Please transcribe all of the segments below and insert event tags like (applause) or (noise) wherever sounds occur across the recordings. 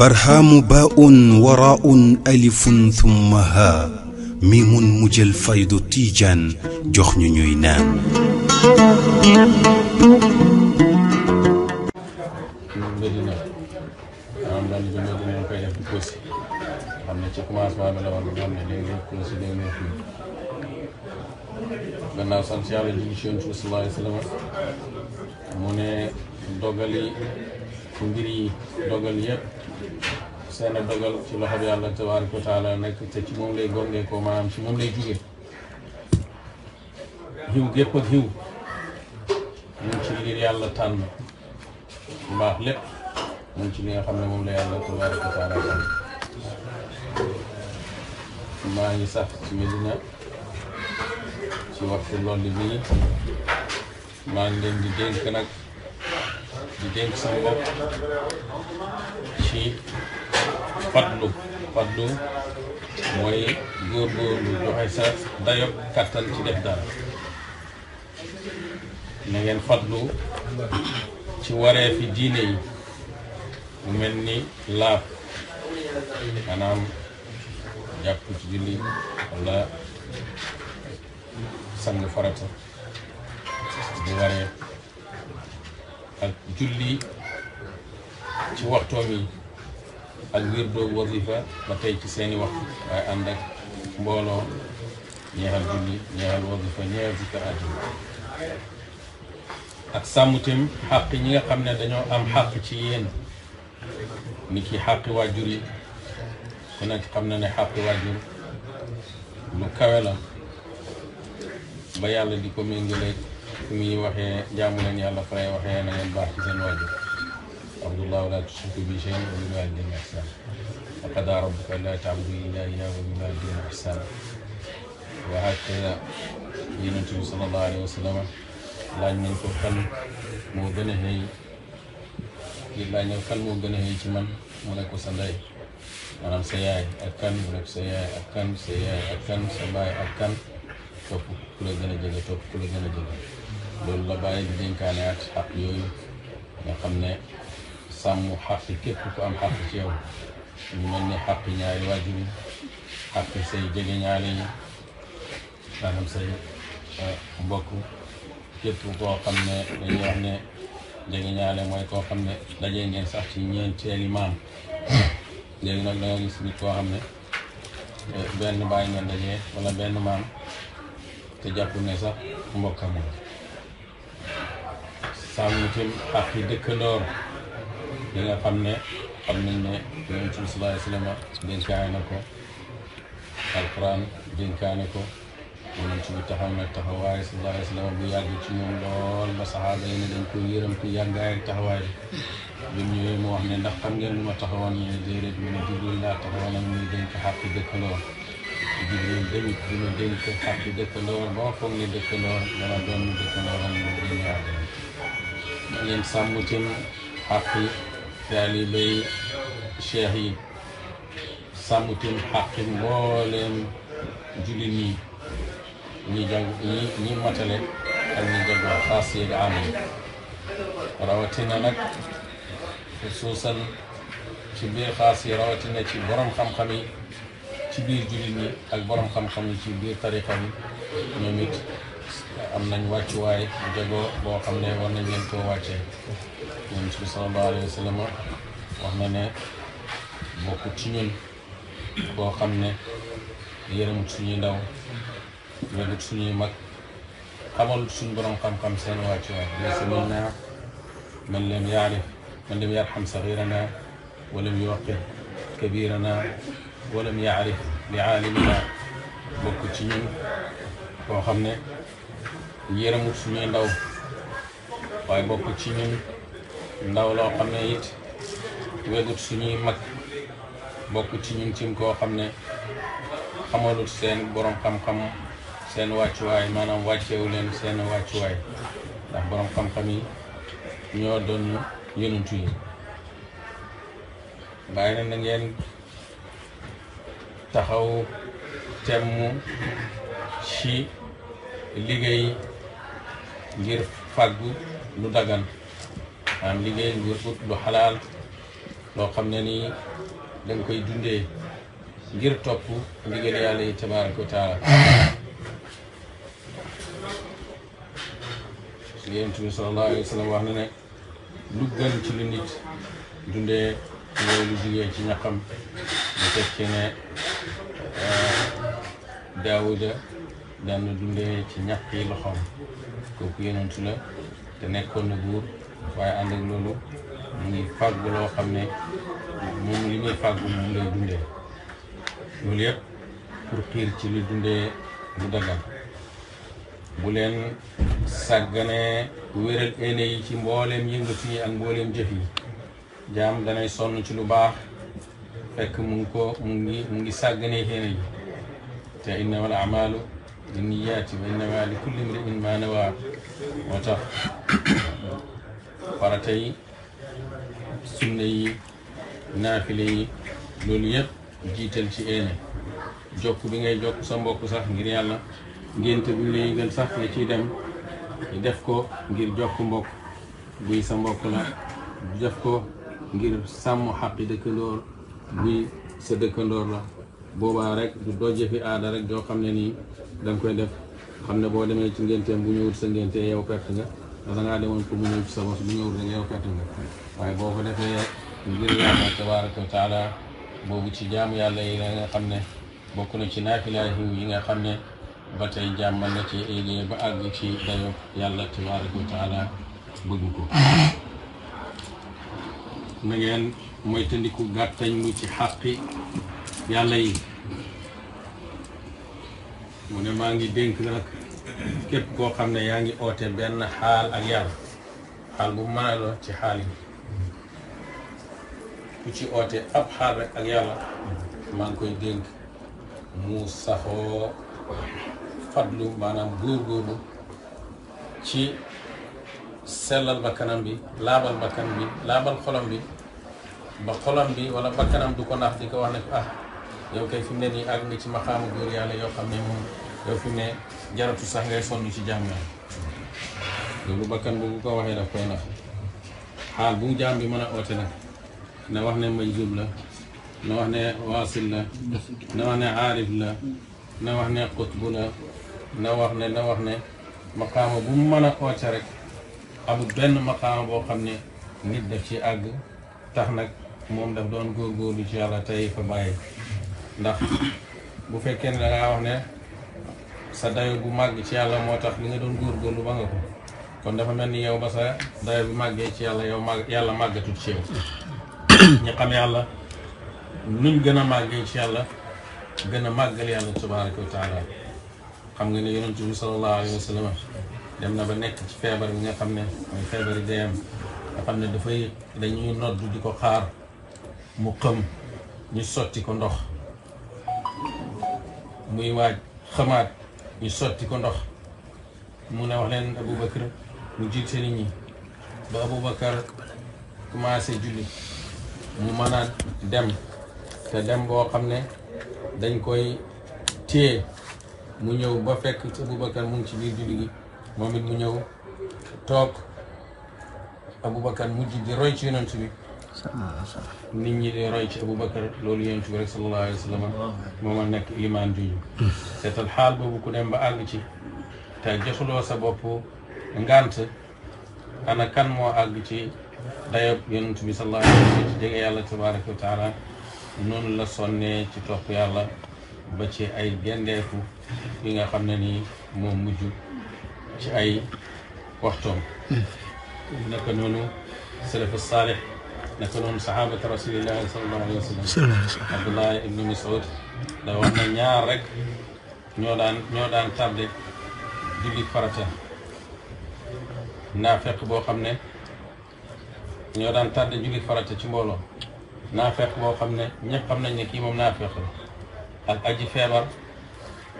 برهام باء وراء ألف ثم ها ميم مجلفيد تيجان جخن نينان ci commencement bi la war nga xam ne léegi kursi léegi gannaaw sant yàlla ji ngi si yonent bi wa sallam mu ne dogali ku mbir yi dogal yëpp seen dogal ci loxo bi yàlla tabaaraka wa taala nekk te ci moom lay gongee ko maanaam ci moom lay jugee xiw gépp ak mu ci ngir yàlla tànn bu baax lépp mu ngi ci li nga ne moom la yàlla tabaaraka wa taala maa ngi sax ci Medina ci waxtu loolu bii maa ngi leen di dénk nag di dénk sama bopp ci fadlu fadlu mooy góorgóorlu joxe sa dayob kàttan ci def dara na ngeen fadlu ci waree fi diine yi mu mel ni laab am jàpp ci julli walla sang farata bu waree ak julli ci waxtoom yi ak wér doo wasifa ba tey ci seeni waxtu waaye ànd ak mbooloo ñeexal julli ñeexal wasifa ñeexal zikar àjjuma ak sàmm tam xàq ñi nga xam ne dañoo am xàq ci yéen ni ki xàqi waajur yi ku nekk xam na ne xàqi waajur lu kawe ba yàlla di ko méngaleeg fi muy waxee jaamu leen yàlla faray waxee na ngeen baax ci seen waajur abdullah laa tushriku bi shay'an wa bil waalidayni ihsana wa qadaa rabbuka allaa ta'budu illaa iyyaahu wa bil waalidayni ihsana wa hakada yonent bi sallallahu alayhi wa sallam laaj nañ ko kan moo gën a xëy kii laaj nañ kan moo gën a xëy ci man mu ne ko sa ndey maanaam sa yaay ak kan mu ne ko sa yaay ak kan sa yaay ak kan sa baay ak kan topp ku la gën a jege loolu la bàyyi di dénkaane ak xaq yooyu nga xam ne sàmm xaq képp ku am xaq ci yow ñu mel ni xaq ñaari waajur yi xaq say jege ñaare yi maanaam say eh, mbokk képp koo xam ne dañuy wax ne jege ñaare mooy koo xam ne dajee ngeen sax ci ñeenteeli maam léegi nag da gis nit koo xam ne eh, benn bàyyi ngeen dajee wala benn maam te jàpp ne sax mbokkam la sàmm ci xàq yi dëkkandoor yi nga xam ne xam nañ ne yonent bi sallallahu alayhi wa sallam na ko alquran dénkaane ko yonent bi taxaw na taxawaay sallallahu alayhi wa sallam bu yàgg ci ñoom lool ba saxaaba yi ne dañ koy yërëm ku yàggaay taxawaay bi ñëwee mu wax ne ndax xam ngeen lu ma taxawoon ñu ne déedéet mu ne Jibril laa taxawoon ak muy dénk xàq yi dëkkandoor Jibril dañu ko ñu dénk xàttu dëkkandoo ba foog ne dëkkandoo dana doon dëkkandoo am mu génne àdduna na ngeen sàmm ci xàqi taalibey cheikh yi sàmm ci xàqi mbooleem jullit ñi ñi jàng ñi ñi matale ak ñi jagleel xaas yeeg am ci biir xaas yi rawatina ci borom xam ci biir jullit ñi ak borom xam-xam ci biir tariqa yi ñoom am nañ wàccuwaay bu jagoo boo xam ne war nañ leen koo wàccee yonent bi sallallahu alayhi wa sallam wax na ne bokku ci ñun boo xam ne yërëmut suñuy ndaw yërëmut suñuy mag xamal suñ borom xam seen wàccuwaay laysa minnaa man lam yaarif man lam yarham saxiiranaa wa lam yuwaqir kabiiranaa walam yaarif li aalimina bokk ci ñun koo xam ne yërëmut suñuy ndaw waaye bokk ci ñun ndaw loo xam ne it wegut suñuy mag bokk ci ñun cim koo xam ne xamalut seen borom xam-xam seen wàccuwaay maanaam wàccewu leen seen wàccuwaay ndax borom xam-xam yi ñoo doon yonent yi bàyyi na ngeen taxaw temm ci liggéey ngir fàggu lu dagan liggéey ngir ut lu xalaal loo xam ne ni dañ koy dundee ngir topp ndigal yàlla yi tabaraka wa taala yonent bi sallallahu alayhi wax na ne lu gën ci lu nit dundee mooy lu ci ñaxam bu fekkee ne eh, daawuda daan dundee ci ñàkk yi loxoom kooku yonentu la te nekkoon na buur waaye ànd ak loolu mu ngi loo xam ne moom li muy fàggu moom lay dundee loolu yëpp pour xiir ci lu dundee lu dagal bu leen sàgganee wéral eene yi ci mbooleem yëngatu yi ak mbooleem jëf yi jaam danay sonn ci lu baax fekk mu ngi ko mu ngi mu ngi sàgganee ji te innama al amalu li niyaati wa innama li kulli mriin ma nawaa moo tax sunna yi naafile yi loolu yëpp jiital ci eene jokk bi ngay jokk sa mbokk sax ngir yàlla ngénte bu la yëgal sax nga ciy dem def ko ngir jokk mbokk buy sa mbokk la def ko ngir sàmm xaqi dëkkandoor ni sa dëkkandoor la boobaa rek du doo jëfi aada rek doo xam ne nii danga koy def xam ne boo demee ci ngénteem bu ñëwul sa ngénte yow perte nga dangaa demoon pour mu ñëw ci yow perte waaye boo ko defee ngir yàlla tabaraka wa taala boobu ci jaamu yàlla yi la nga xam ne bokk na ci naafilaay yi nga xam ne ba tey jàmmal na ci liggéey ba àgg ci dayo yàlla tabaraka wa taala bëgg ko na ngeen moytandiku gàttañ lu ci xàqi yàlla yi mu ne maa ngi dénk nag képp koo xam ne yaa ngi oote benn xaal ak yàlla xaal bu mën la ci xaal yi ku ci oote ab xaal rek ak yàlla maa ngi koy dénk mu saxoo fadlu maanaam góorgóorlu ci sellal bakkanam bi laabal bakkan bi laabal xolam bi ba xolam bi wala bakkanam du ko nax di ko wax ne ko ah yow kay fi ne nii àgg nga ci maxaamu góor yàlla yoo xam ne moom sax ngay sonn ci jàng loolu bakkan boobu ko waxee bu jaam bi mën a oote nag na wax ne majjub la na wax ne waasil la na wax ne aarif la na wax ne xutbu la na ne wax ne maqaama bu mu mën a oote rek amul benn maqaam boo xam ne nit def ci àgg tax nag moom daf doon góorgóorlu ci yàlla tey fa bàyyi ndax bu fekkee ne da ngaa wax ne sa dayo bu màgg ci yàlla moo tax li nga doon góorgóorlu ba nga ko kon dafa mel ni yow ba sa dayo bi màggee ci yàlla yow màgg yàlla màggatut ci yow yàlla nuñ gën a màggee ci yàlla gën a màggal yàlla tabaraka wa xam nga ne yonent bi sallallahu alayhi wa sallam dem na ba nekk ci feebar bi nga xam ne mooy feebari am nga xam ne dafay dañuy nodd di ko xaar mu xëm ñu sotti ko ndox muy waaj xamaat ñu sotti ko ndox mu ne wax leen Aboubacar mu jiite nit ñi ba Aboubacar commencé julli mu mën a dem te dem boo xam ne dañ koy téye mu ñëw ba fekk Aboubacar mu ci biir julli gi moom it mu ñëw toog Aboubacar mujj di roy ci yonent bi nit ñi di roy ci Aboubacar loolu yonent bi rek sallallahu alayhi wa moom a nekk limaan juñu seetal xaal boobu ku dem ba àgg ci te joxuloo sa bopp ngant ana kan moo àgg ci dayob yonent bi sallallahu alayhi wa ci jege yàlla tabaraka wa noonu la sonne ci topp yàlla ba ci ay gendeeku yi nga xam ne nii moo mujj ci ay waxtoom naka noonu salafu saalix naka noonu saxaabatu rasulillahi sallallahu alayhi wa sallam abdullah ibnu masud da wax na ñaar rek ñoo daan ñoo daan tardé julli farata naafeq boo xam ne ñoo daan tardé julli farata ci mbooloo naafeq boo xam ne ñëpp xam nañ ne kii moom naafeq la ak aji feebar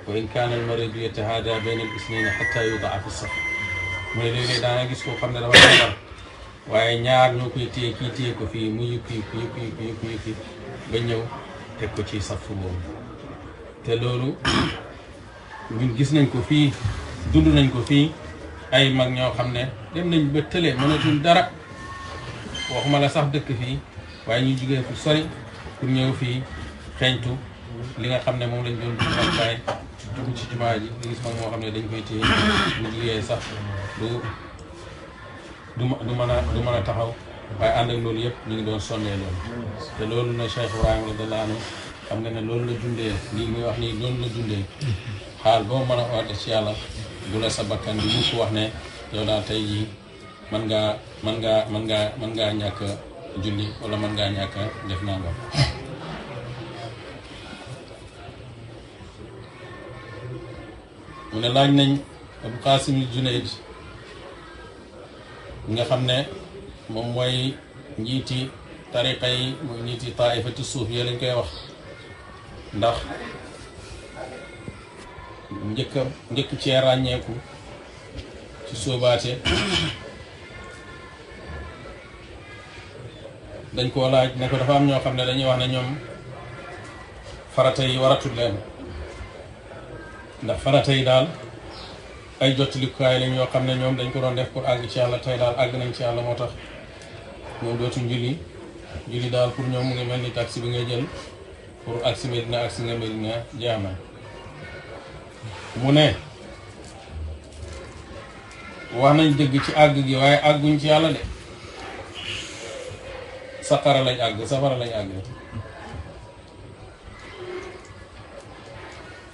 wa in kaana al-mariidu yatahaada bayna al-isnayni xataa yudaa fi saf mu ne léeg-léeg daana gis xam ne dafa feebar waaye ñaar ñoo koy téye kii téye ko fii mu yukki yukki yukki ba ñëw teg ko ci safu boobu te loolu (coughs) ñun gis nañ ko fii dund nañ ko fii ay mag ñoo xam ne dem nañ ba tële mënatuñ dara waxuma la sax dëkk fii waaye ñu jugee fu sori pour ñëw fii xeeñtu li nga xam ne moom lañ doon dund ak dugg ci jumaa ji nga gis moom moo xam ne dañ koy téye bu liggéey sax du du du mën a du mën a taxaw waaye ànd loolu yëpp ñu ngi doon sonnee loolu te loolu na Cheikh Ibrahima radiyallahu anhu xam nga ne loolu la dundee lii muy wax nii loolu la dundee xaal boo mën a oote ci yàlla du la sa bakkan bi su wax ne yow daal tey jii mën ngaa mën ngaa mën ngaa mën ngaa ñàkk julli wala mën ngaa ñàkk def naa nga mu ne laaj nañ Abou Qasim Junayd nga xam ne moom mooy njiiti tariqa yi mooy njiiti taaifati suuf yi lañ koy wax ndax njëkk njëkk cee ràññeeku ci sóobaate dañ koo laaj ne ko dafa am ñoo xam ne dañuy wax ne ñoom farata yi waratu leen ndax farata yi daal ay jottalikukaay lañ yoo xam ne ñoom dañ ko doon def pour àgg ci yàlla tey daal àgg nañ ci yàlla moo tax ñoom dootuñ julli julli daal pour ñoom mu ngi mel ni si bi ngay jël pour àgg si Medina àgg si nga Medina jaama mu ne wax nañ dëgg ci àgg gi waaye àgguñ ci yàlla de saqara lañ àgg safara lañ àgg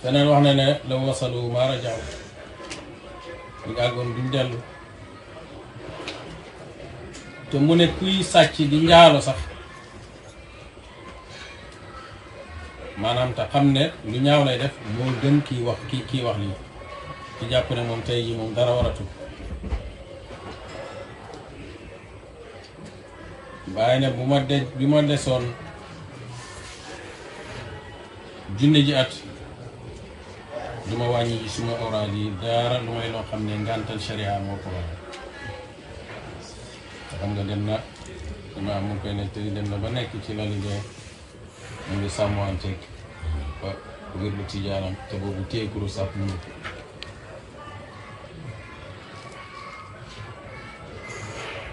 feneen wax na ne la wasalu maa rajaaw ñu àggoon duñ dellu te mu ne kuy sàcc di njaalo sax maanaam te xam ne lu ñaaw lay def moo gën kii wax kii kii wax lii ci jàpp ne moom tey ji moom dara waratu bàyyi ne bu ma desoon junne ji at du ma wàññi suma oral yi dara lu may loo xam ne ngàntal sharia moo ko waral nga dem na dama am mu koy ne te dem na ba nekk ci lalu dee mu ngi sàmmanteeg ba wér bu tijaaram te boobu téekuru sàpp mu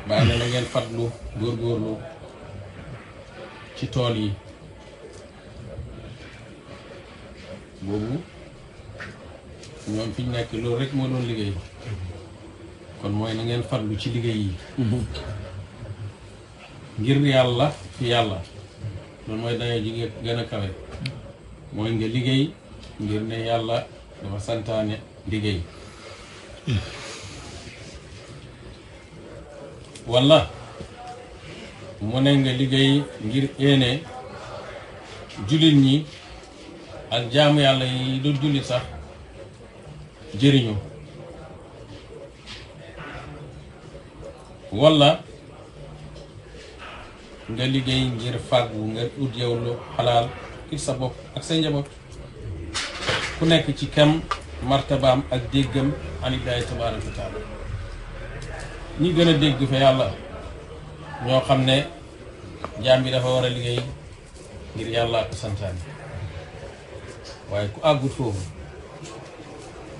bàyyi na na ngeen fatlu góorgóorlu ci tool yi boobu ñoom fi ñu nekk loolu rek moo doon liggéey kon mooy na ngeen farlu ci liggéey yi ngir yàlla fi yàlla loolu mooy dañoo jigéen gën a kawe mooy nga liggéey ngir ne yàlla dafa santaane liggéey walla mu ne nga liggéey ngir éene jullit ñi ak jaamu yàlla yi du jullit sax jëriñoo walla nga liggéey ngir fàggu nga ut yow lu xalaal ngir sa bopp ak say njaboot ku nekk ci kam martabaam ak déggam anillaahi tabaaraka wa ñi gën a dégg fa yàlla ñoo xam ne jaam bi dafa war a liggéey ngir yàlla ak santaane waaye ku àggut foofu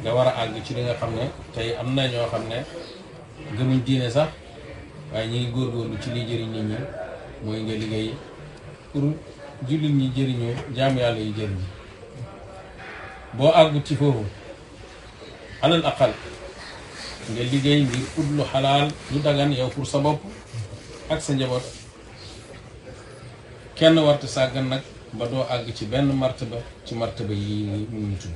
nga war a àgg ci li xam ne tey am na ñoo xam ne gëmuñ diine sax waaye ñi ngi góor góorgóorlu ci liy jëriñ nit ñi mooy nga liggéey pour jullit ñi jëriñoo jaamu yàlla yu jëriñ boo àgg ci foofu alal aqal nga liggéey ngir ut lu xalaal lu dagan yow pour sa bopp ak sa njaboot kenn warta sàggan nag ba doo àgg ci benn martaba ci martaba yi mu ñu tudd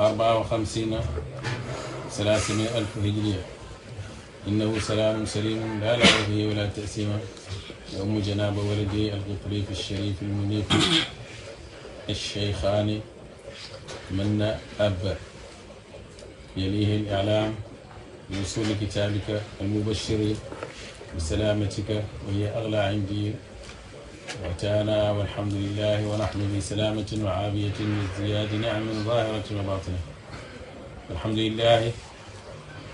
أربعة وخمسين ثلاثمائة ألف هجرية إنه سلام سليم لا لغو فيه ولا تأثيم يوم جناب ولدي القطريف الشريف المنيف الشيخان من أب يليه الإعلام بوصول كتابك المبشر بسلامتك وهي أغلى عندي وأتانا والحمد لله ونحن في سلامة وعافية وازدياد نعم ظاهرة وباطنة الحمد لله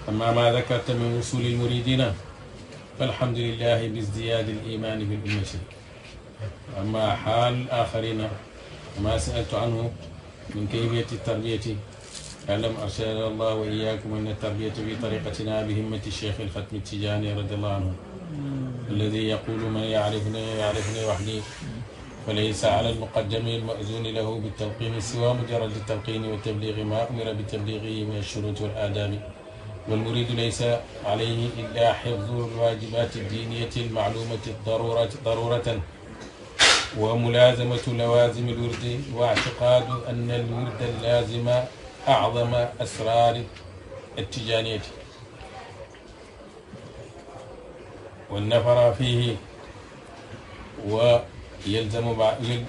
أما ما ذكرت من وصول المريدين فالحمد لله بازدياد الإيمان بالأمة أما حال الآخرين وما سألت عنه من كيفية التربية أعلم أرشدنا الله وإياكم أن التربية في طريقتنا بهمة الشيخ الختم التجاني رضي الله عنه الذي يقول من يعرفني يعرفني وحدي وليس على المقدم المأذون له بالتلقين سوى مجرد التلقين والتبليغ ما أمر بتبليغه من الشروط والآداب والمريد ليس عليه إلا حفظ الواجبات الدينية المعلومة الضرورة ضرورة وملازمة لوازم الورد واعتقاد أن الورد اللازم أعظم أسرار التجانية والنفر فيه ويلزم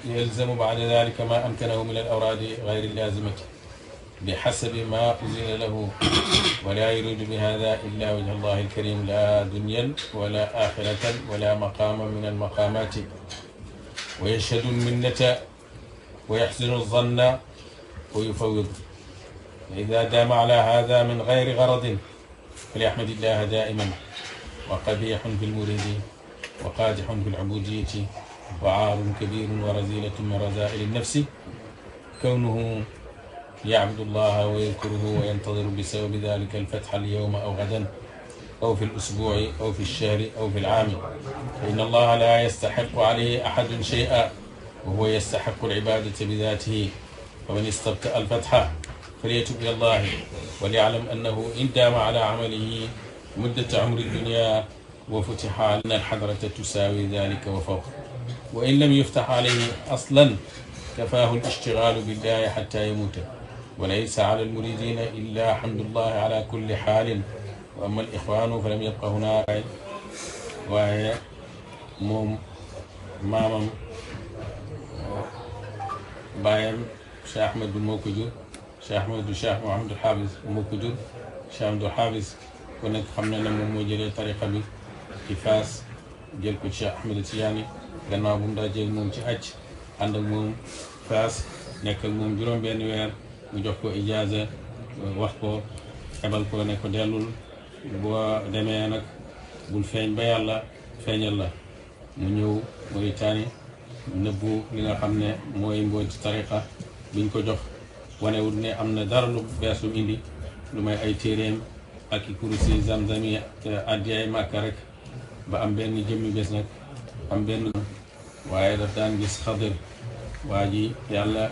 يلزم بعد ذلك ما أمكنه من الأوراد غير اللازمة بحسب ما أذن له ولا يريد بهذا إلا وجه الله الكريم لا دنيا ولا آخرة ولا مقاما من المقامات ويشهد المنة ويحسن الظن ويفوض إذا دام على هذا من غير غرض فليحمد الله دائما وقبيح في المريد وقادح في العبودية وعار كبير ورزيلة من رذائل النفس كونه يعبد الله ويذكره وينتظر بسبب ذلك الفتح اليوم أو غدا أو في الأسبوع أو في الشهر أو في العام فإن الله لا يستحق عليه أحد شيئا وهو يستحق العبادة بذاته ومن استبتأ الفتح فليتب إلى الله وليعلم أنه إن دام على عمله مدة عمر الدنيا وفتح لنا الحضرة تساوي ذلك وفوق وإن لم يفتح عليه أصلا كفاه الاشتغال بالله حتى يموت وليس على المريدين إلا حمد الله على كل حال وأما الإخوان فلم يبقى هنا وهي موم مامم بايم شيخ أحمد بن موكجور شيخ أحمد بن شيخ محمد الحافظ موكجور شيخ أحمد الحافظ ku nekk xam na ne moom moo jëlee tariqa bi ci faas jël ko Cheikh Ahmed Tidiane gannaaw bu mu daa jël moom ci acc ànd moom faas nekk moom juróom-benn weer mu jox ko ijaaza wax ko xebal ko nekk ko dellul boo demee nag bul feeñ ba yàlla feeñal la mu ñëw Mauritanie nëbbu li nga xam ne mooy mbooti tariqa biñ ko jox wanewut ne am na dara lu bees lu indi lu may ay téeréem aki kurusi zamzami addiyaay màkka rek ba am benn jëmmi bés nag am benn waaye daf daan gis xadir waa ji yàlla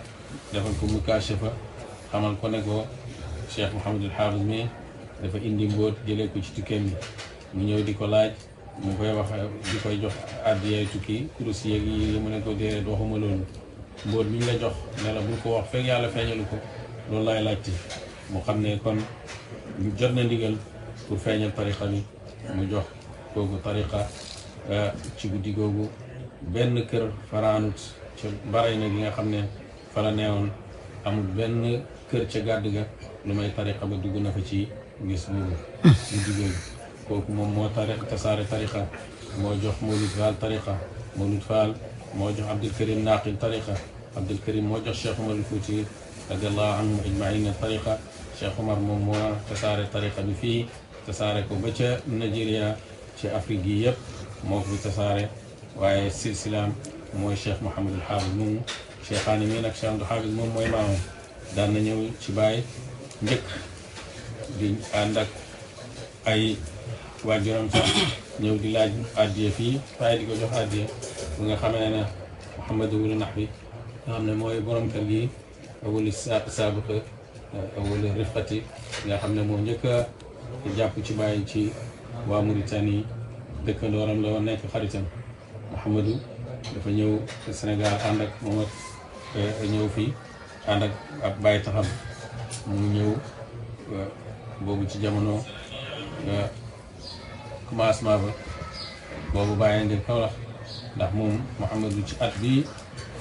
defal ko mukaashafa xamal ko ne ko cheikh Mouhamadul Xaafis mi dafa indi mbóot jëlee ko ci tukkeem bi mu ñëw di ko laaj mu koy wax di koy jox addiyaay tukki kurusi yeeg yi mu ne ko déedéet waxuma loolu mbóot mi la jox ne la bul ko wax fekk yàlla feeñalu ko loolu laay laajte mu xam kon ñu jot na ndigal pour feeñal tariqa bi mu jox kooku tariqa euh, ci guddi googu benn kër faraanut ca mbaray na gi nga xam ne fara neewoon amul benn kër ca gàdd ga lu may tariqa ba dugg na fa ci gis boobu guddi googu kooku moom moo tariq tasaare tariqa moo jox Mawlud Fall tariqa Mawlud Fall moo jox Abdul Karim Naaqil tariqa Abdul Karim moo jox Cheikh Umar al Fuuti radiallahu anhum ajmaina tariqa Cheikh Omar moom moo tasaare tariqa bi fii tasaare ko ba ca Nigeria ci Afrique yi yëpp moo ko tasaare waaye silsilaam mooy Cheikh Mouhamadul Xaafis moomu Cheikhaani mii nag Cheikh Abdou Xaafis moom mooy maamam daan na ñëw ci baay njëkk di ànd ak ay waajuram sax ñëw di laaj addiya fii waaye di ko jox addiya bu nga xamee ne Mouhamadou wulu nax bi nga xam ne mooy borom kër gi wulu saabaq Euh, wala rifati nga xam ne moo njëkk jàpp ci bàyyi ci waa Mauritanie dëkkandooram la woon nekk xaritam Mouhamadou dafa ñëw Sénégal ànd ak moom ak euh, ñëw fii ànd ak ab bàyyi taxam mu ñëw euh, boobu ci jamono commencement ba boobu bàyyi nga Kaolack ndax moom ci at bii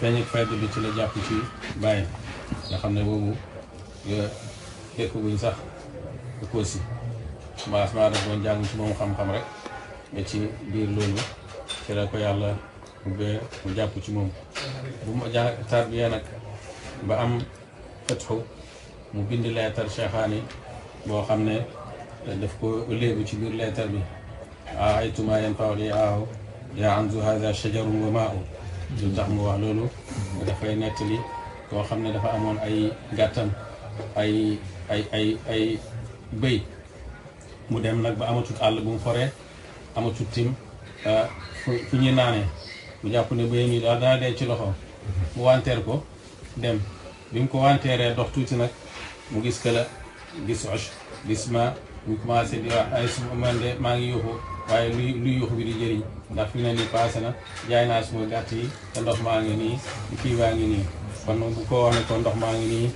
feeñ ak bi ci la jàpp ci bàyyi nga xam ne boobu fekk guñ sax Kossy mbaas maa jàng ci moom xam-xam rek mais ci biir loolu ci la ko yàlla mu jàpp ci moom bu ma jàng tarbiya nag ba am fetxu mu bind leetar Cheikhaani boo xam ne daf ko léebu ci biir leetar bi aaytuma yen pawl yi aaw yaa anzu haza shajarun wa maa lu tax mu wax loolu dafay nettali koo xam ne dafa amoon ay gàttan ay ay ay ay bëy mu dem nag ba amatut àll bu mu foree amatut tim ah, fu fu ñuy naanee mu jàpp ne bëy mi daal dana dee ci loxo mu wanteer ko dem bi mu ko wanteeree dox tuuti nag mu gis këla gis och gis ma ñu commencé di ay suma man maa ngi yuuxu waaye luy luy yuuxu bi di jëriñ ndax fi ne nii passé na jaay naa suma gàtt yi te ndox maa ngi nii kii baa ngi nii kon bu ko wax ne ko ndox maa ngi nii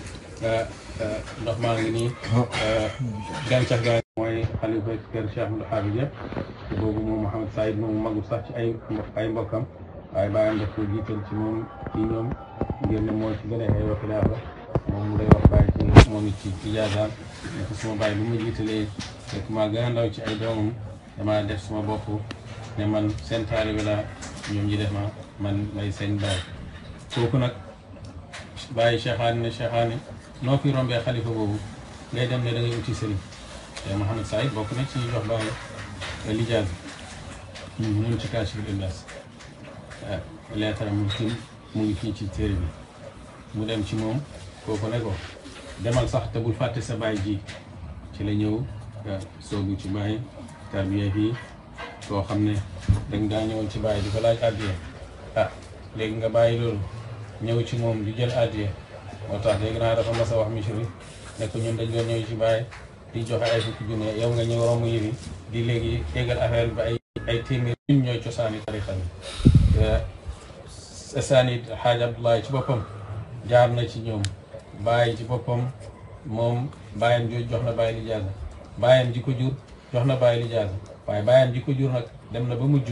ah, Euh, ndax maa ngi nii euh, gàncax gaa mooy xalifa kër Cheikh Ahmadou Xaafid ja boobu moom Mouhamed sax ci ay ay mbokkam waaye bàyyam def ci moom ci ñoom ngir ne mooy ci gën a ay waxilaafa moom mu day wax bàyyi ci moom ci ijaasaan ne ko suma bàyyi bu ma jiitalee fekk maa gën a ci ay doomam dama def suma bopp ne man seen taalibe la ñoom ñi def ma man may seen bàyyi kooku nag bàyyi ne cheikhaani noo fi rombee xalifa boobu ngay dem ne da ngay uti sëriñ te Mouhamed Saïd bokk na ci jox bàyyi lijaas bi mu tim mu ngi fii ci téere bi mu dem ci moom kooku ne ko demal sax te bul fàtte sa baay ji ci la ñëw soogu ci bàyyi tarbiya fii koo xam ne dañ daa ñëwoon ci bàyyi di ko laaj addiya ah léegi nga bàyyi loolu ñëw ci moom di jël addiya moo tax léegi naa dafa ma sa wax misiri ne ko ñun dañ doon ñëw ci bàyyi di joxe ay fukki junne yow nga ñëw romb yëfi di léegi déggal affaire bi ay ay téeméer ñun ñooy cosaani tarixa bi eh, saanit xaaj Abdoulaye ci boppam jaar na ci ñoom bàyyi ci boppam moom bàyyam jox na bàyyi lijaasa bàyyam ji ko jur jox na bàyyi lijaasa waaye bàyyam ji ko jur nag dem na ba mujj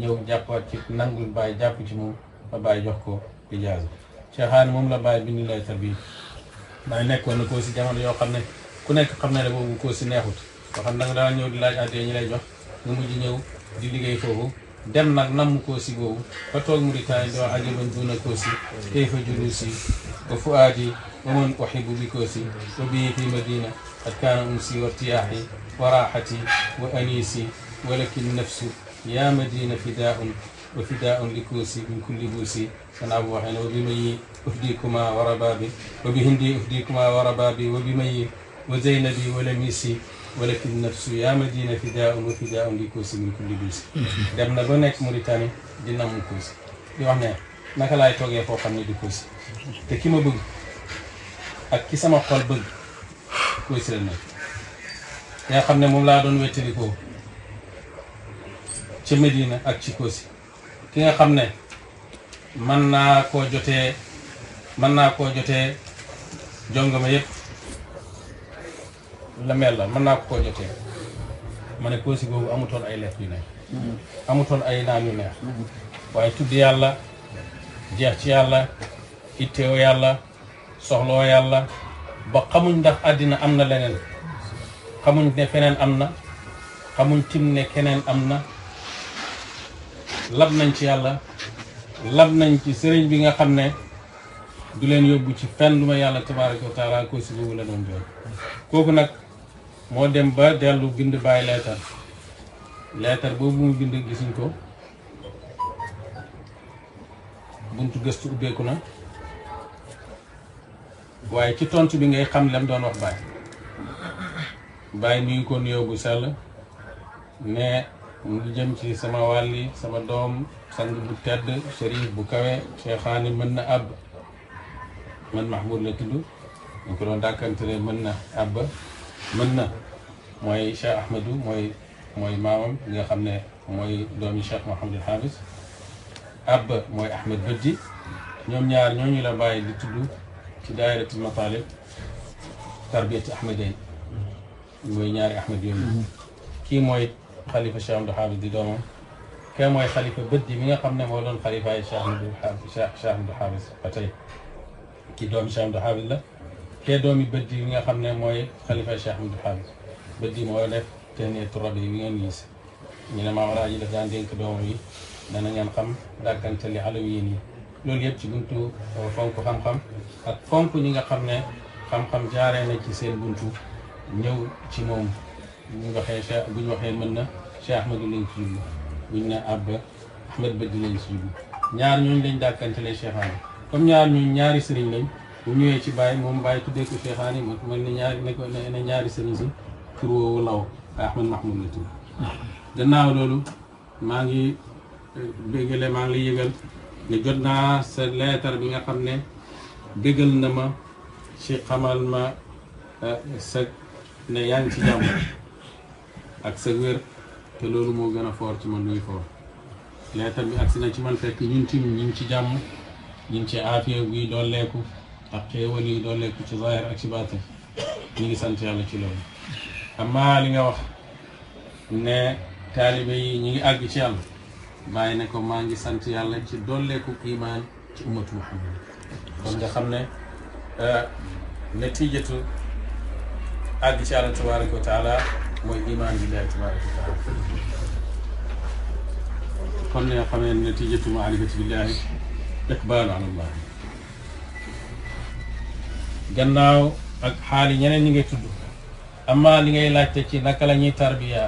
ñëw jàppaat ci nangul bàyyi jàpp ci moom ba bàyyi jox ko lijaasa Cheikhaani moom la bàyyi bind leetar bi bàyyi nekkoon na koo si jamono yoo xam ne ku nekk xam na ne boobu koo si neexut yoo xam ne da nga daan ñëw di laaj àddee ñu lay jox nga mujj ñëw di liggéey foofu dem nag namm koo si boobu ba toog Mauritanie doo ajaban duuna koo si kay fa julu si ba fu aadi ba man uxibu bi koo si ba bii fi madina qad kaana umsi wa irtiyaaxi wa raaxati wa aniisi walakin nafsu yaa madina fidaaun وفداء لكوسي من كل بوسي فنعب وحين وبمي أفديكما وربابي وبهندي أفديكما وربابي وبمي وزينبي ولميسي ولكن نفسي يا مدينة فداء وفداء لكوسي من كل بوسي قبل بنك موريتاني جنا من كوسي يوحنا نكلا يتوقع فوقني دي كوسي تكيمو بغ أكي سما قول بغ كوسي لنا يا خمنا مملا دون ويتلكو تمدينة أكشي كوسي ki nga xam ne mën naa koo jotee mën naa koo jotee jongama yëpp la mel la mën naa ko koo jotee ma ne koosi googu amutoon ay lekk yu neex mm-hmm. amutoon ay naan yu neex mm-hmm. waaye tudd yàlla jeex ci yàlla itteew yàlla soxloo yàlla ba xamuñ ndax àddina am na leneen xamuñ ne feneen am na xamuñ tim ne keneen am na lab nañ ci yàlla lab nañ ci sëriñ bi nga xam ne du leen yóbbu ci fenn lu ma yàlla tabaaraka wa taala ko si la doon jooy kooku nag moo dem ba dellu bind bàyyi leetar leetar boobu mu bind gisuñ ko buntu gëstu ubbeeku na waaye ci tontu bi ngay xam lem doon wax bàyyi bàyyi nuyu ko nuyoo bu sell ne lu jëm ci sama wàlli sama doom sang bu tedd chérif bu kawe cheikhaani mën na àbb man mahmoud la tudd ñu ko doon dàkkantele mën na àbb mën na mooy cheikh ahmadou mooy mooy maamam nga xam ne mooy doom cheikh mahamadul haafis àbb mooy ahmad bëddi ñoom ñaar ñooñu la bàyyi di tudd ci daayiratul matalib tarbiyati ahmadayn mooy ñaari ahmad yooyu mm-hmm. خليفه الشيخ عبد الحامد ديدوما كان واي خليفه بدي من قبل مولون خليفه الشيخ عبد الحامد الشيخ عبد الحامد فتي كي دوم الشيخ عبد الحامد كي دوم بدي من قبل موي خليفه الشيخ عبد الحامد بدي مولى تاني تربي من نيس من ما ورا جي دان دين كدومي دا نان نان خم دا كانت لي علويني لول ييب سي بونتو فونكو خم خم اك نه خم خم جاري نه سي نيو سي bu ñu waxee Cheikh bu ñu waxee mën na Cheikh Ahmadou lañ ci jublu bu ñu ne Abba Ahmed Badji lañ ci jublu ñaar ñooñu lañ dàkkantelee Cheikhaani comme ñaar ñooñu ñaari sëriñ lañ bu ñëwee ci Baye moom Baye tuddee ko Cheikhaani moom man ne ñaari ne ko ne ñaari sëriñ si tur woowu law Ahmed Mahmoud la tudd gannaaw loolu maa ngi eh, béggale maa ngi la yëgal ne jot naa sa leetar bi nga xam ne bégal na ma ci xamal ma eh, sa yaa ngi ci jàmm ak sa te loolu moo gën a foor ci man luy foor leetar bi agsi na ci man fekk ñun tim ñu ngi ci jàmm ñu ngi ci aafiya guy dolleeku ak xéewal yi dolleeku ci zahir ak ci baatin ñu sant yàlla ci loolu amma li nga wax ne taalibe yi ñu ngi àgg ci yàlla bàyyi ne ko maa ngi sant yàlla ci dolleeku imaan ci ummatu muhammad kon nga xam ne euh, natijatu àgg ci yàlla tabaraka wa mooy imaan billahi tabaraka wa taala kon ne xamee natijatu maarifati billahi iqbaalu gannaaw ak xaali ñeneen ñi ngay tudd amaa li ngay laajte ci naka lañuy ñuy tarbiya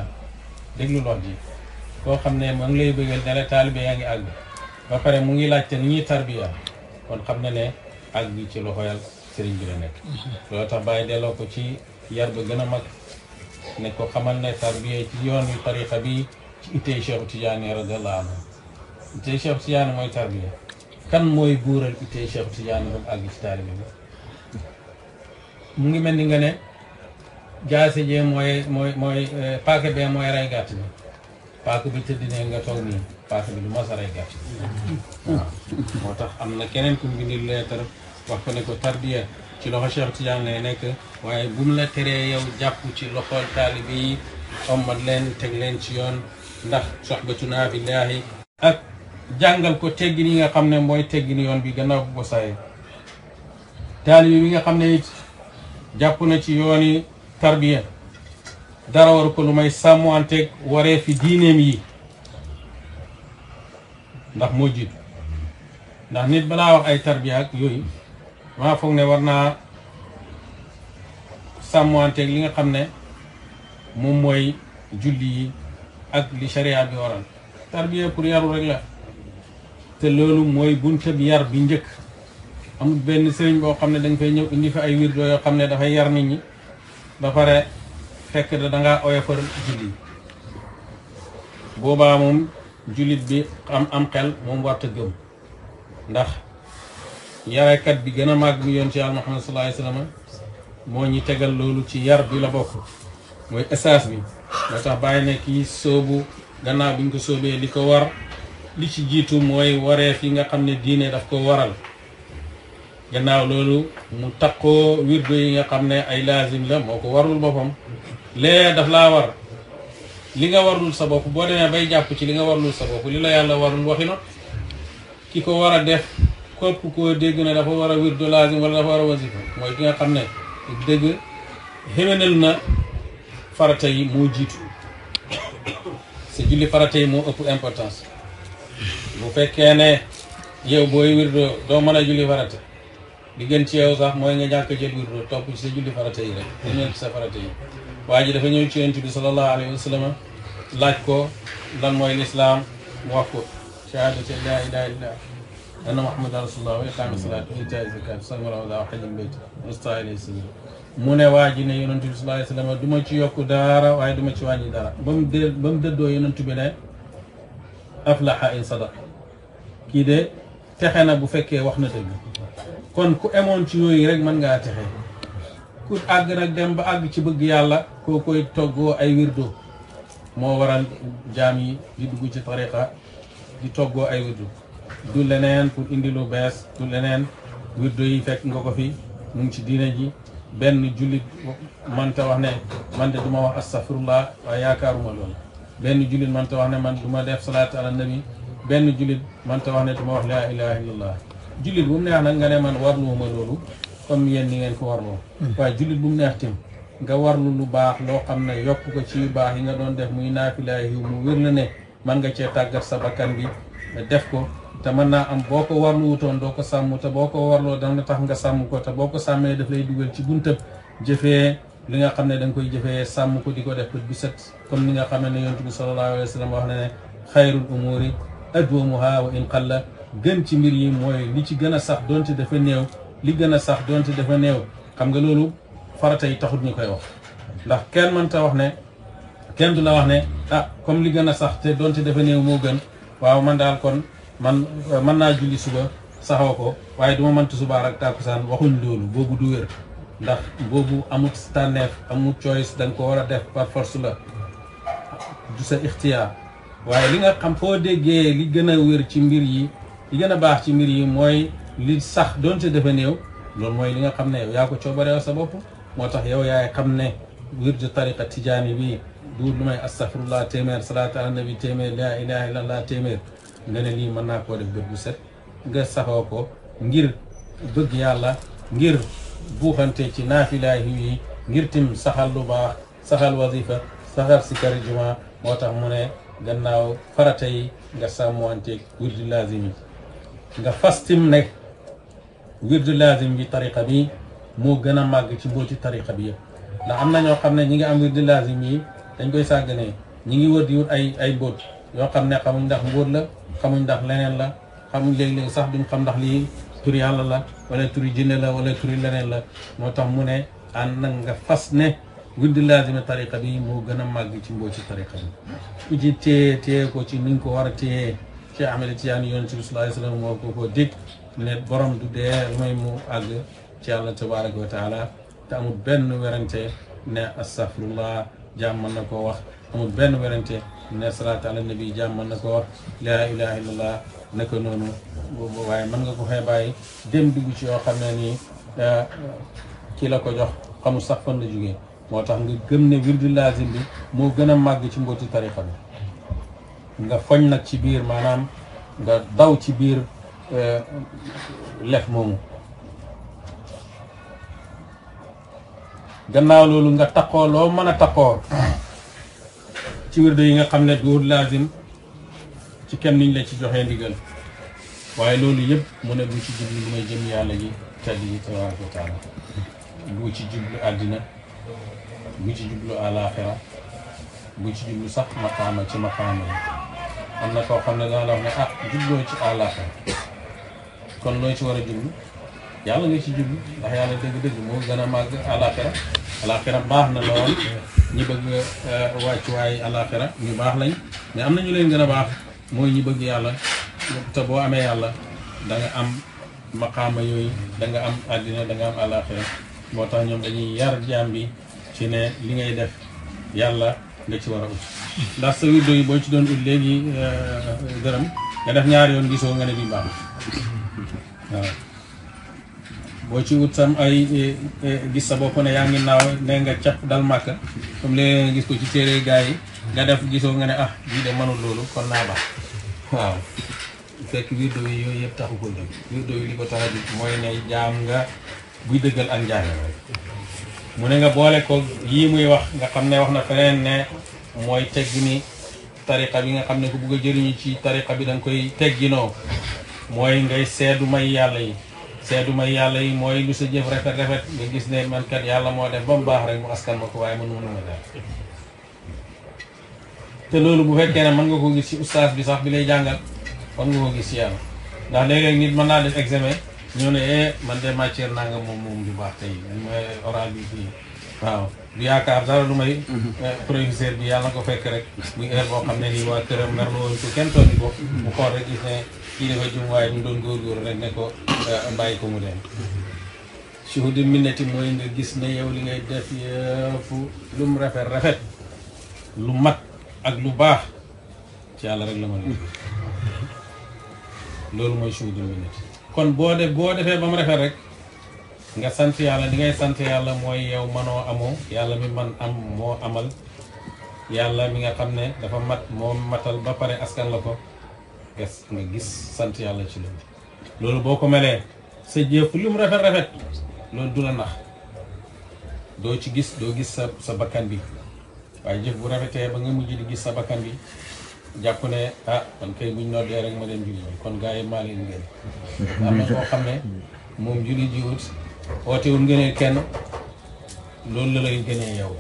déglu lool ji koo xam ne ma ngi lay bëggal ne la taalibe yaa ngi àgg ba pare mu ngi laajte ni ñuy tarbiya kon xam na ne àgg ci loxoyal sëriñ bi nekk mm-hmm. loolu tax bàyyi delloo ko ci yar ba gën a mag ne ko xamal ne tarbiyee ci yoon yu tariqa bi ci itey Cheikh Tidiane radhiyallahu anhu itey Cheikh Tidiane moy tarbiya kan moy buural itey Cheikh Tidiane ba ag ci taalibe bi mu ngi melni nga ne jaasi je moy moy moy paake be moy ray gatt bi paake bi tëdd ne nga toog ni paake bi mo sa ray gatt gàtt bi waaw moo keneen ku mu bindil leetar wax ko ne ko tarbiya ci loxo Cheikh Tidiane lay nekk waaye bu mu la teree yow jàpp ci loxo taalibe yi ommat leen teg leen ci yoon ndax soxbatuna billahi ak jàngal ko teggin yi nga xam ne mooy teggin yoon bi gannaaw bu ko saye bi nga xam ne it jàpp na ci yooni tarbiya dara waru ko lu may sàmmanteeg waree fi diineem yi ndax moo jiitu ndax nit balaa wax ay tarbiya ak yooyu maa foog ne war naa sàmmanteeg li nga xam ne moom mooy julli yi ak li sharia bi waral tarbiya pour yaru rek la te loolu mooy bunte bi yar bi njëkk amul benn sëriñ boo xam ne da nga ñëw indi fi ay wirdo yoo xam ne dafay yar nit ñi ba pare fekk da dangaa oyofar julli boobaa moom jullit bi am am xel moom warta gëm ndax yarekat bi gën a màgg mu yoon ci yàlla Muhammad sallallahu alayhi wa sallam moo ñi tegal loolu ci yar bi la bokk mooy essence bi moo tax bàyyi ne kii sóobu gannaaw bi ñu ko sóobee li ko war li ci jiitu mooy wareef yi nga xam ne diine daf ko waral gannaaw loolu mu taqoo wirgo yi nga xam ne ay laazim la moo ko warul boppam lee daf laa war li nga warlul sa bopp boo demee bay jàpp ci li nga warlul sa bopp li la yàlla warul waxi na ki ko war a def képp koo dégg na dafa war a wirdu laazim wala dafa war a wasifa mooy ki nga xam ne dëgg xéwénal na farata yi moo jiitu sa julli farata yi moo ëpp importance bu fekkee ne yow booy wirdo doo mën a julli farata li gën ci sax mooy nga ñàkk jël wirdo topp ci sa julli farata yi rek da ñëw sa farata yi waa dafa ñëw ci yonent bi sallallahu alayhi wa laaj ko lan mooy lislaam mu wax ko shahadati la ilaha illa أنا محمد رسول الله ويقام الصلاة وإيتاء الزكاة صلى الله عليه وسلم بيت مستعي عليه السلام من واجنا ينتج صلى الله عليه وسلم دم تشيوك دارا وعي دم تشواني دارا بمد بمد دو ينتج بنا أفلح إن صدق كده تحنا بفك وحنا دم كون كو أمون تشيو يرجع من قاعد تحنا كود أجر دم بأجر تبغى يلا كو كو يتوغو أي وردو ما وران جامي يدغو تطريقة يتوغو أي وردو du leneen pour indi lu bees du leneen wirdo yi fekk nga ko fi mu ngi ci diine ji benn jullit manta wax ne man de du ma wax astafirullah waaye yaakaaruma loolu benn jullit manta wax ne man du ma def salaat na ni benn jullit manta wax ne du ma wax laa ilaha illallah jullit bu neex na nga ne man warluwuma loolu comme yéen ni ngeen ko warloo hmm. waaye jullit bu mu neex tim nga warlu lu baax loo xam ne yokk ko ci baax yi nga doon def muy naafilaay yi mu wér la ne man nga cee tàggat sa bakkan bi def ko te mën naa am boo ko warlu wutoon doo ko sàmm te boo ko warloo dana tax nga sàmm ko te boo ko sàmmee daf lay dugal ci buntëb jëfee li nga xam ne danga koy jëfee sàmm ko di ko def bu set comme ni nga xam ne yonent bi sallallahu alayhi wa sallam wax na ne xayrul umuri adwamuha wa in la gën ci mbir yi mooy li ci gën a sax doonte dafa néew li gën a sax doonte dafa néew xam nga loolu farata yi taxut ñu koy wax ndax kenn mënta wax ne kenn du la wax ne ah comme li gën a sax te doonte dafa néew moo gën waaw man daal kon man euh, mën naa julli suba saxoo ko waaye duma mënti suba ak tàkkusaan waxuñ loolu boobu du wér ndax boobu amut tànneef amut choice da ko war a def par force la du sa ixtiyaar waaye li nga xam foo déggee li gën a wér ci mbir yi li gën a baax ci mbir yi mooy li sax doonte dafa néew loolu mooy li nga xam ne yow yaa ko coobaree sa bopp moo tax yow yaay xam ne wirdu tariqa tijaani bi du lu may astafirullah téeméer salaatu ala nabi téeméer laa ilaha illallah téeméer nga ne lii mën naa koo def bët bu set nga saxoo ko ngir bëgg yàlla ngir buuxante ci naafilaahi yi ngir tim saxal lu baax saxal wazifa saxal si juma moo tax mu ne gannaaw farata yi nga sàmmanteeg wirdu laazim yi nga fas fastim ne wirdu laazim bi tariqa bi moo gën a màgg ci mbooti tariqa bi yëpp ndax am na ñoo xam ne ñi ngi am wirdu laazim yi dañ koy sàgganee ñi ngi wër di ay ay mbóot yoo xam ne xamuñ ndax mbóot la xamuñ ndax leneen la xamuñ léeg-léeg sax duñ xam ndax lii turi la wala turi jinne la wala turi leneen la moo tax mu ne ànd nag nga fas ne guddi laazima tariqa bi moo gën a màgg ci mboo ci tariqa bi ku ci téye téye ko ci ni ko war a téye ci Ahmed Tidiane yonent bi sallallahu alayhi wa moo ko ko dig ne borom du dee mooy mu àgg ci yàlla tabaraka wa taala te amul benn werante ne astafirullah jaam mën na koo wax amul benn werante inna salaata ala jaam mën na ko wax laa ilaha illallah naka noonu waaye mën nga ko xeebaay dem dugg ci yoo xam ne nii ci euh, la ko jox xamul sax fan la jógee moo tax nga gëm ne wirdu lazim bi moo gën a màgg ci mbooti tarixa bi nga foñ nag ci biir maanaam nga daw ci biir euh, lef moomu gannaaw loolu nga taqoo loo mën a takkoo ci wirdo yi nga xam ne duur laazim ci kenn niñ la ci joxee ndigal waaye loolu yëpp mu ne bu ci jublu lu may jëm yàlla ji tedd yi tabaraka wa taala bu ci jublu àddina bu ci jublu àlaaxira bu ci jublu sax maqaama ci maqaama yi na koo la ah, ci àlaaxira kon loo ci war a jublu yàlla nga ci jublu ndax yàlla dëgg-dëgg moo gën a màgg àlaaxira àlaaxira baax na lool ñi bëgg euh, wàccuwaay àllaaxira ñu baax lañ mais am na ñu leen gën a baax mooy ñi bëgg yàlla te boo amee yàlla da am maqaama yooyu danga am àddina da nga am àllaaxira moo tax ñoom dañuy yar jaam bi ci ne li ngay def yàlla nga ci war a ut ndax sa wirdo yi boo ci doon ut léegi dërëm euh, nga def ñaari yoon gisoo nga ne bi baax waaw boo ci wut sam ay e, e, gis sa bopp ne yaa ngi naaw ne nga capp dal màkk comme léegi gis ko ci téere gars yi nga def gisoo nga ne ah bii de mënul loolu kon naa baax waaw fekk wirdo yi yooyu yëpp taxu ko jóg wirdo yi li ko tax a nga buy dëggal ak njàngale mu ne nga boole ko lii muy wax nga xam ne wax na feneen ne mooy teggi ni tariqa bi nga xam ne ku bugg a jëriñu ci tariqa bi da nga koy tegginoo mooy ngay seedu may yàlla yi seetuma yàlla yi mooy lu sa jëf rafet rafet nga gis ne man yàlla moo def ba mu baax rek mu askan ma ko waaye man mënuma daal te loolu bu fekkee ne mën nga ko gis ci ustaas bi sax bi lay jàngal mën nga ko gis ci yàlla ndax léeg-léeg nit mën naa def examen ñoo ne eh man de matière nangam moom moom du baax tey mooy eh, oral bi fii waaw du yaakaar dara lu may. Mhm. Eh, proviseur bi yàlla na ko fekk rek. muy heure boo xam ne nii waa këram mer la woon ko kenn tooñu ko. Mhm. mu xool rek gis ne kii dafa jum waaye mu doon góor rek ne ne ko eh, bàyyi ko mu dem. suhudu minnati mooy nga gis ne yow li ngay def yëpp lu mu rafet rafet lu mat ak lu baax ci yàlla rek la mën mhm. loolu mooy suhudu minnati kon boo def boo defee ba mu rafet rek. nga sante yalla li ngay sante yalla moy yow mano amo yalla mi man am mo amal yalla mi nga xamne ne dafa mat mo matal ba pare askan lako gis ges nga gis sante yalla ci lool lool boko melé melee sa jëf lu mu rafet rafet lool dula nax do ci gis do gis sa sa bakkan bi way jeuf bu rafeté ba nga mujj di gis sa bakkan bi jappu ne ah man kay buñ dé rek ma len jullu kon gaay ma len leen am na koo xam jiwut wootewul ngëneel kenn loolu la lay gënee yow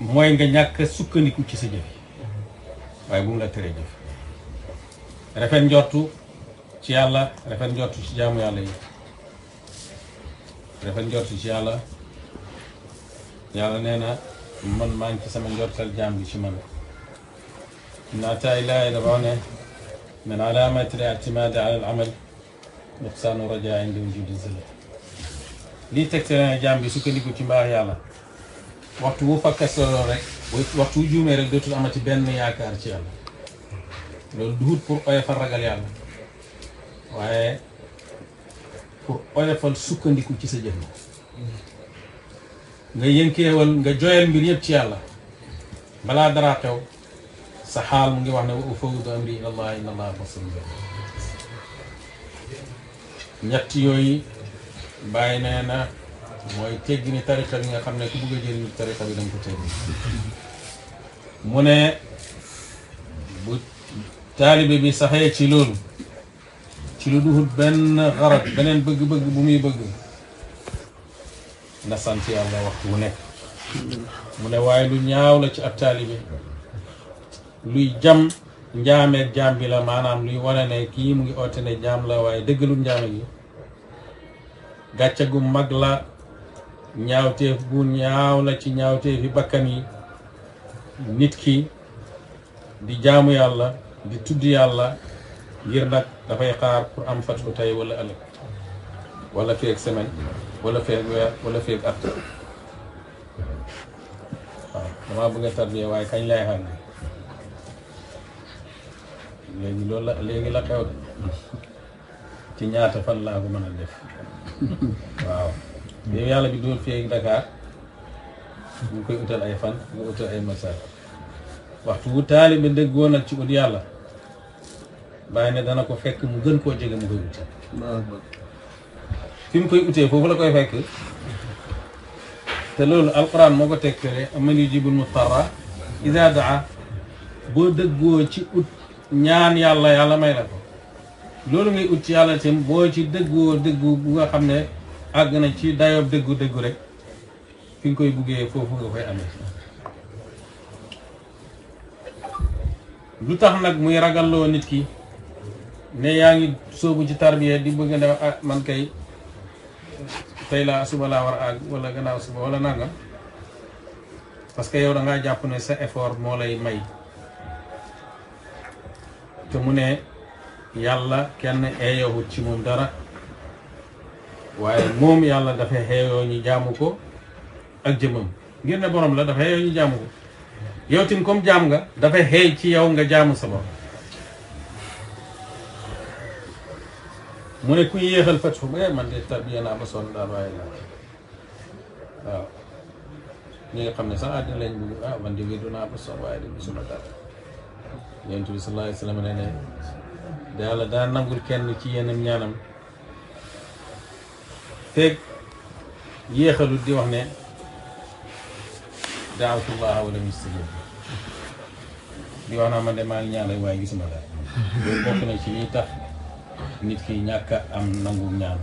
mooy nga ñàkk sukkandiku ci sa jëf waaye bu mu la teree jëf rafet njortu ci yàlla rafet njortu ci jaamu yàlla yi rafet njortu ci yàlla yàlla nee na man maa ci sama njortal jaam bi ci man inna ata ilaahi dafa wax ne min alaamati al ictimaad ala al amal nuqsaanu rajaa indi wujudi zëla lii tegtale na jaam bi sukkandiku ci mbaax yàlla waxtu wu fakkas la rek waxtu wu juumee rek dootul amati benn yaakaar ci yàlla loolu duhut pour oyofal ragal yàlla waaye pour oyofal sukkandiku ci sa jëmm nga yënkeewal nga joyal mbir yëpp ci yàlla balaa dara xew sa xaal mu ngi wax ne wa ufawwidu amri ila allah inna allah basirun ñett yooyu bàyyi nee na mooy teggi ni tarixa bi nga xam ne ku bugg a jëriñu tarixa bi dañ ko teggi mu ne bu taalibe bi saxee ci loolu ci lu duhut benn xarat beneen bëgg-bëgg bu muy bëgg na sant yàlla waxtu wu nekk mu ne waaye lu ñaaw la ci ab taalibe luy jam njaameeg jaam bi la maanaam luy wane ne kii mu ngi oote ne jaam la waaye dëggalul njaame gi gàcce gu mag la ñaawteef bu ñaaw la ci ñaawteefi bakkan yi nit ki di jaamu yàlla di tudd yàlla ngir nag dafay xaar pour am fatu tey wala ëllëg wala feeg semaine wala feeg weer wala feeg at waaw damaa bëgg a waaye kañ lay xam ne léegi loolu la léegi la xew ci ñaata fan laa ko mën a def waaw bi yàlla bi dóor fii ak Dakar koy utal ay fan nga utal ay masal waxtu wu taalibe dëggoo nag ci ut yàlla bàyyi ne dana ko fekk mu gën koo jege mu koy uti fi mu koy utee foofu la koy fekk te loolu alquran moo ko tegtale aman yujibul mutarra idaa daa boo dëggoo ci ut ñaan yàlla yàlla may la ko loolu ngay ut ci yàlla itam boo ci dëggoo dëggu bu nga xam ne àgg na ci dayoob dëggu dëggu rek fi nga koy buggee foofu nga koy amee lu tax nag muy ragalloo nit ki ne yaa ngi soobu ci tarbiya di bëgg ne ah man kay tey laa suba laa war a àgg wala gannaaw suba walla nangam parce que yow da ngaa jàpp ne sa effort moo lay may te mu ne yalla kenn eeyo eeyowut ci moom dara waaye moom yàlla dafa heeyo ñu jaamu ko ak jëmmam ngir ne borom la dafa heeyo ñu jaamu ko yow tim kom jaam nga dafa heey ci yow nga jaamu sa bo mu ne ku yéexal fatxu may man de tabiyana naa ba sonn daal waaye la waaw ñi nga xamne sa adina lañ bu ah man de wér naa ba sonn waye de bisuma dara yonent bi sallallahu alayhi wasallam ne yàlla dana nangul kenn ci yenn ñaanam feeg yéexalut di wax ne daawatullaha wala mustajab di wax naa man de maa waaye gisuma daal loolu bokk na ci liy tax nit ki ñàkk am nangu ñaan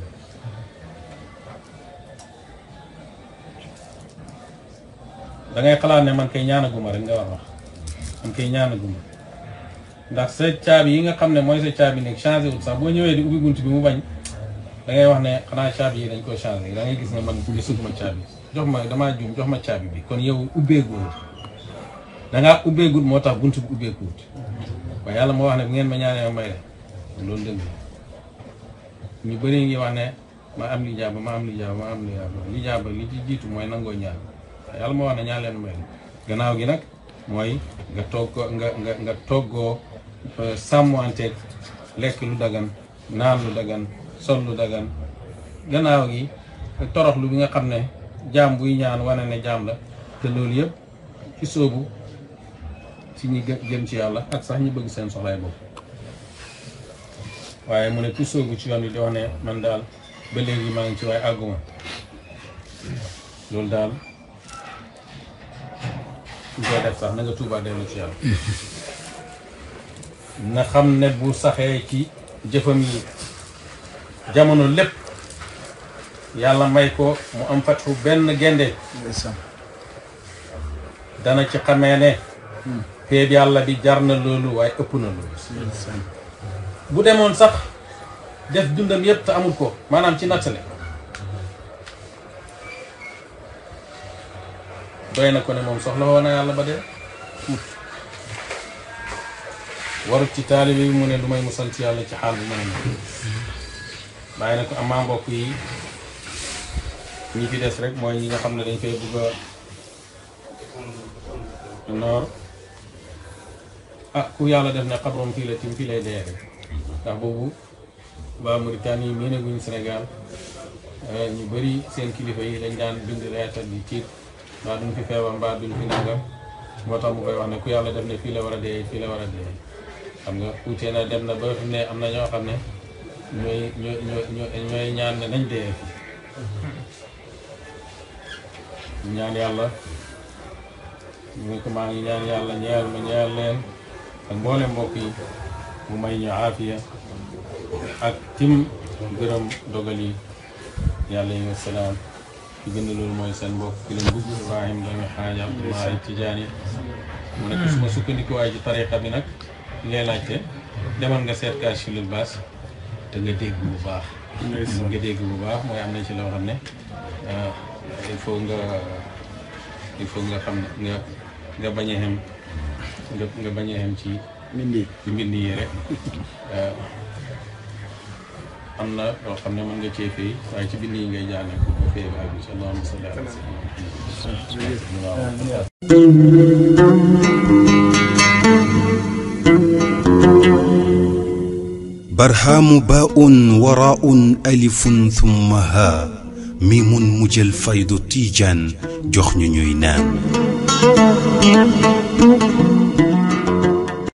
da ngay xalaat ne man kay ñaanaguma rek nga war wax man kay ñaanaguma ndax sa caabi yi nga xam ne mooy sa caabi nekk changé wut sax boo ñëwee di ubbi bunt bi mu bañ da ngay wax ne xanaa caabi yi dañ koo changé da ngay gis ne man gisul ma caabi jox ma damaa juum jox ma caabi bi kon yow ubbeegul da ngaa ubbeegul moo tax bunt bi ubbeekuwut waaye yàlla moo wax ne bu ngeen ma ñaanee may loolu dëgg ñu bëri ngi wax ne ma am li jaaba ma am li jaaba ma am li li jaaba li ci jiitu mooy nangoo ñaan yàlla moo wax ne ñaan leen may la gannaaw gi nag mooy nga toog nga nga nga toggoo Euh, sàmmanteeg lekk lu dagan naan lu dagan sol lu dagan gannaaw gi toroxlu bi nga xam ne jaam buy ñaan wane ne jaam la te loolu yëpp ci sóobu ci ñi jëm ci yàlla ak sax ñu bëgg seen soxlaay boobu waaye mu ne ku sóobu ci yoon bi di wax ne man daal ba léegi maa ngi ci waaye àgguma loolu daal ñu koy def sax na nga tuubaa dellu ci yàlla na xam ne bu saxee ci jëfam yi jamono lépp yàlla may ko mu am fatxu benn gende dana ci xamee ne hmm. péeb yàlla bi jar na loolu waaye ëpp na loolu bu demoon sax def dundam yépp te ko maanaam ci nattale doy na ko ne moom soxla woon yàlla ba dee hmm. warut ci taalibe bi mu ne lu may mu sant yàlla ci xaal bu mën a yi ñi fi des rek mooy ñi nga xam ne dañ koy bugg a noor ah ku yàlla def ne xabrom fii la tim fii lay dee rek ndax boobu waa Mauritanie yi miinaguñu Sénégal eh, ñu bëri seen kilifa yi dañ daan bind leetar di tiit mbaa duñ fi feebar mbaa duñ fi nangam moo tax mu koy wax ne ku yàlla def ne fii la war a dee fii la war a dee xam nga uute na dem na ba fi ne am na ñoo xam ne ñooy ñooy ñooy ñooy ñaan ne nañ dee ñaan yàlla ñu ko maa ngi ñaan yàlla ñeel ma ñeel leen ak mboole mbokk yi mu may ñu aafiya ak tim gërëm dogal yi yàlla yi wasalaam ci gën loolu mooy seen mbokk ki leen gudd Ibrahim doomi xaaj Abdoulaye Tijaani mu nekk suma sukkandikuwaay ci tariqa bi nag ngay laajte demal nga seet Kaashiful baas te nga dégg bu baax. nga dégg bu baax mooy am na ci loo xam ne ah, il faut nga il faut nga xam ne nga nga bañ a xem bañ a ci. mbind ci mbind yi rek ah, am na loo xam ne mën nga cee fay waaye ci bind yi ngay jaane ko ba fay baay bi allahumma salli ala sayyidina barhaamu baaun waraaun alifun thumma haa miimun mu jël faydu tiijaan jox ñu ñuy naan